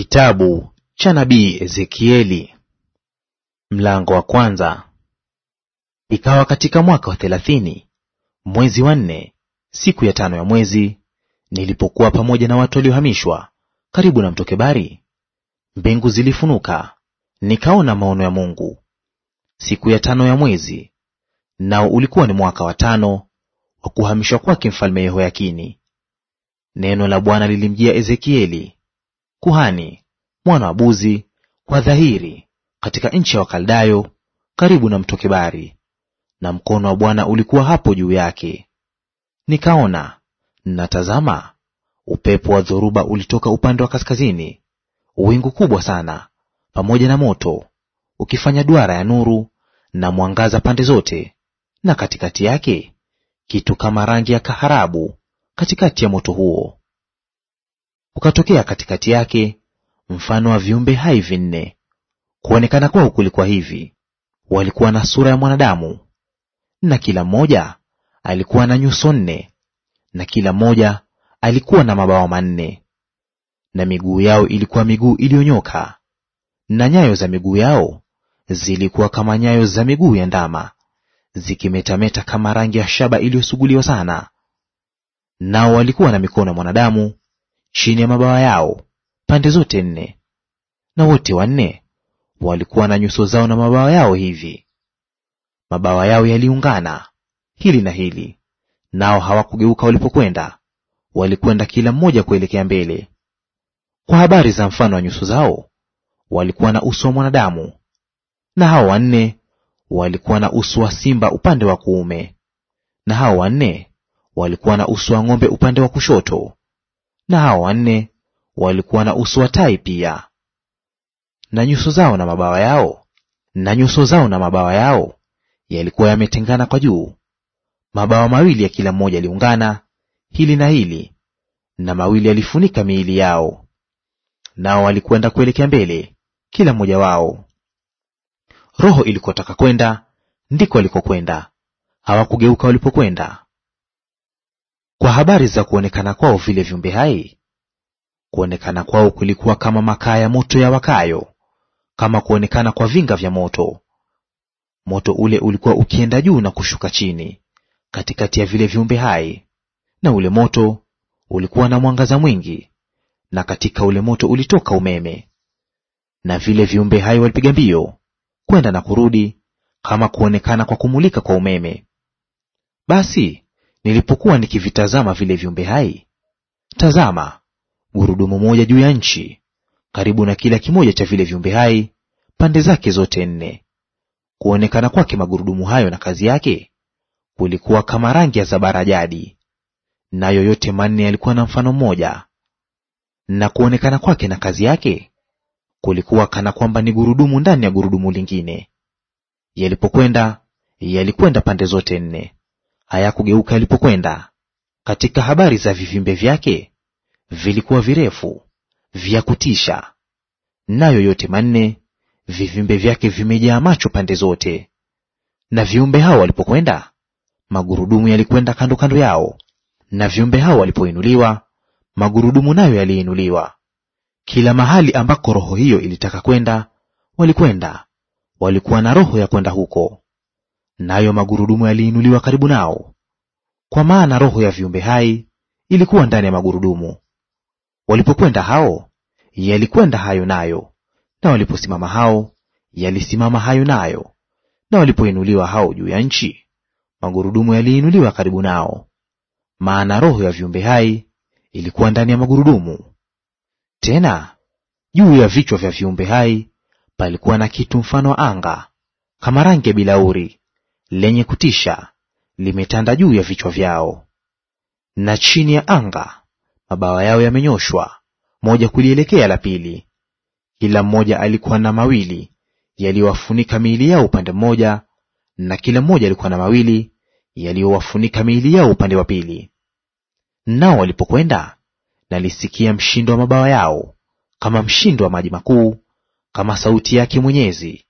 Kitabu cha nabii Ezekieli mlango wa kwanza. Ikawa katika mwaka wa thelathini mwezi wa nne siku ya tano ya mwezi, nilipokuwa pamoja na watu waliohamishwa karibu na mto Kebari, mbingu zilifunuka, nikaona maono ya Mungu siku ya tano ya mwezi, nao ulikuwa ni mwaka wa tano wa kuhamishwa kwake mfalme Yehoyakini. Neno la Bwana lilimjia Ezekieli kuhani mwana wa Buzi, kwa dhahiri katika nchi ya Wakaldayo karibu na mto Kebari, na mkono wa Bwana ulikuwa hapo juu yake. Nikaona natazama, upepo wa dhoruba ulitoka upande wa kaskazini, wingu kubwa sana, pamoja na moto ukifanya duara ya nuru na mwangaza pande zote, na katikati yake kitu kama rangi ya kaharabu katikati ya moto huo kukatokea katikati yake mfano wa viumbe hai vinne. Kuonekana kwao kulikuwa hivi: walikuwa na sura ya mwanadamu, na kila mmoja alikuwa na nyuso nne, na kila mmoja alikuwa na mabawa manne, na miguu yao ilikuwa miguu iliyonyoka, na nyayo za miguu yao zilikuwa kama nyayo za miguu ya ndama, zikimetameta kama rangi ya shaba iliyosuguliwa sana. Nao walikuwa na mikono ya mwanadamu chini ya mabawa yao pande zote nne. Na wote wanne walikuwa na nyuso zao na mabawa yao hivi, mabawa yao yaliungana hili na hili, nao hawakugeuka walipokwenda; walikwenda kila mmoja kuelekea mbele. Kwa habari za mfano wa nyuso zao, walikuwa na uso wa mwanadamu, na hao wanne walikuwa na uso wa simba upande wa kuume, na hao wanne walikuwa na uso wa ng'ombe upande wa kushoto, na hao wanne walikuwa na uso wa tai pia, na nyuso zao na mabawa yao na nyuso zao na mabawa yao yalikuwa yametengana kwa juu, mabawa mawili ya kila mmoja yaliungana hili na hili, na mawili yalifunika miili yao. Nao walikwenda kuelekea mbele kila mmoja wao. Roho ilikotaka kwenda ndiko alikokwenda, hawakugeuka walipokwenda. Kwa habari za kuonekana kwao vile viumbe hai, kuonekana kwao kulikuwa kama makaa ya moto ya wakayo kama kuonekana kwa vinga vya moto. Moto ule ulikuwa ukienda juu na kushuka chini katikati ya vile viumbe hai, na ule moto ulikuwa na mwangaza mwingi, na katika ule moto ulitoka umeme. Na vile viumbe hai walipiga mbio kwenda na kurudi, kama kuonekana kwa kumulika kwa umeme. Basi Nilipokuwa nikivitazama vile viumbe hai, tazama, gurudumu moja juu ya nchi, karibu na kila kimoja cha vile viumbe hai, pande zake zote nne. Kuonekana kwake magurudumu hayo na kazi yake kulikuwa kama rangi ya zabarajadi, nayo yote manne yalikuwa na mfano mmoja. Na kuonekana kwake na kazi yake kulikuwa kana kwamba ni gurudumu ndani ya gurudumu lingine; yalipokwenda yalikwenda pande zote nne hayakugeuka yalipokwenda; katika habari za vivimbe vyake vilikuwa virefu vya kutisha; nayo yote manne vivimbe vyake vimejaa macho pande zote. Na viumbe hao walipokwenda, magurudumu yalikwenda kando kando yao, na viumbe hao walipoinuliwa, magurudumu nayo yaliinuliwa. Kila mahali ambako roho hiyo ilitaka kwenda, walikwenda; walikuwa na roho ya kwenda huko nayo magurudumu yaliinuliwa karibu nao, kwa maana roho ya viumbe hai ilikuwa ndani ya magurudumu. Walipokwenda hao, yalikwenda hayo nayo, na waliposimama hao, yalisimama hayo nayo, na walipoinuliwa hao juu ya nchi, magurudumu yaliinuliwa karibu nao, maana roho ya viumbe hai ilikuwa ndani ya magurudumu. Tena juu ya vichwa vya viumbe hai palikuwa na kitu mfano wa anga kama rangi ya bilauri, lenye kutisha limetanda juu ya vichwa vyao, na chini ya anga mabawa yao yamenyoshwa, moja kulielekea la pili. Kila mmoja alikuwa na mawili yaliyowafunika miili yao upande mmoja, na kila mmoja alikuwa na mawili yaliyowafunika miili yao upande wa pili. Nao walipokwenda, nalisikia mshindo wa mabawa yao kama mshindo wa maji makuu, kama sauti yake Mwenyezi,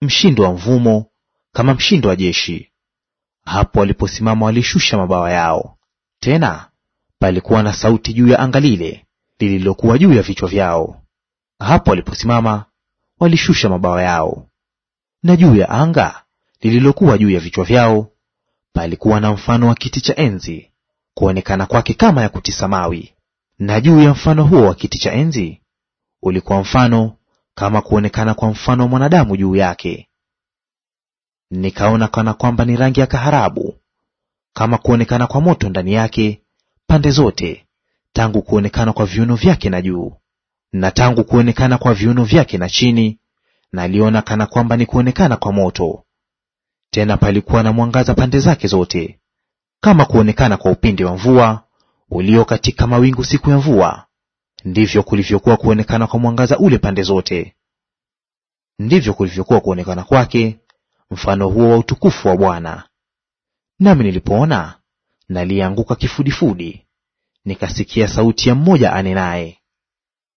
mshindo wa mvumo kama mshindo wa jeshi. Hapo waliposimama walishusha mabawa yao. Tena palikuwa na sauti juu ya anga lile lililokuwa juu ya vichwa vyao. Hapo waliposimama walishusha mabawa yao. Na juu ya anga lililokuwa juu ya vichwa vyao palikuwa na mfano wa kiti cha enzi, kuonekana kwake kama ya kutisa mawi. Na juu ya mfano huo wa kiti cha enzi ulikuwa mfano kama kuonekana kwa mfano wa mwanadamu juu yake, nikaona kana kwamba ni rangi ya kaharabu, kama kuonekana kwa moto ndani yake pande zote, tangu kuonekana kwa viuno vyake na juu, na tangu kuonekana kwa viuno vyake na chini, naliona kana kwamba ni kuonekana kwa moto. Tena palikuwa na mwangaza pande zake zote, kama kuonekana kwa upinde wa mvua ulio katika mawingu siku ya mvua, ndivyo kulivyokuwa kuonekana kwa mwangaza ule pande zote. Ndivyo kulivyokuwa kuonekana kwake mfano huo wa utukufu wa Bwana. Nami nilipoona nalianguka kifudifudi, nikasikia sauti ya mmoja anenaye,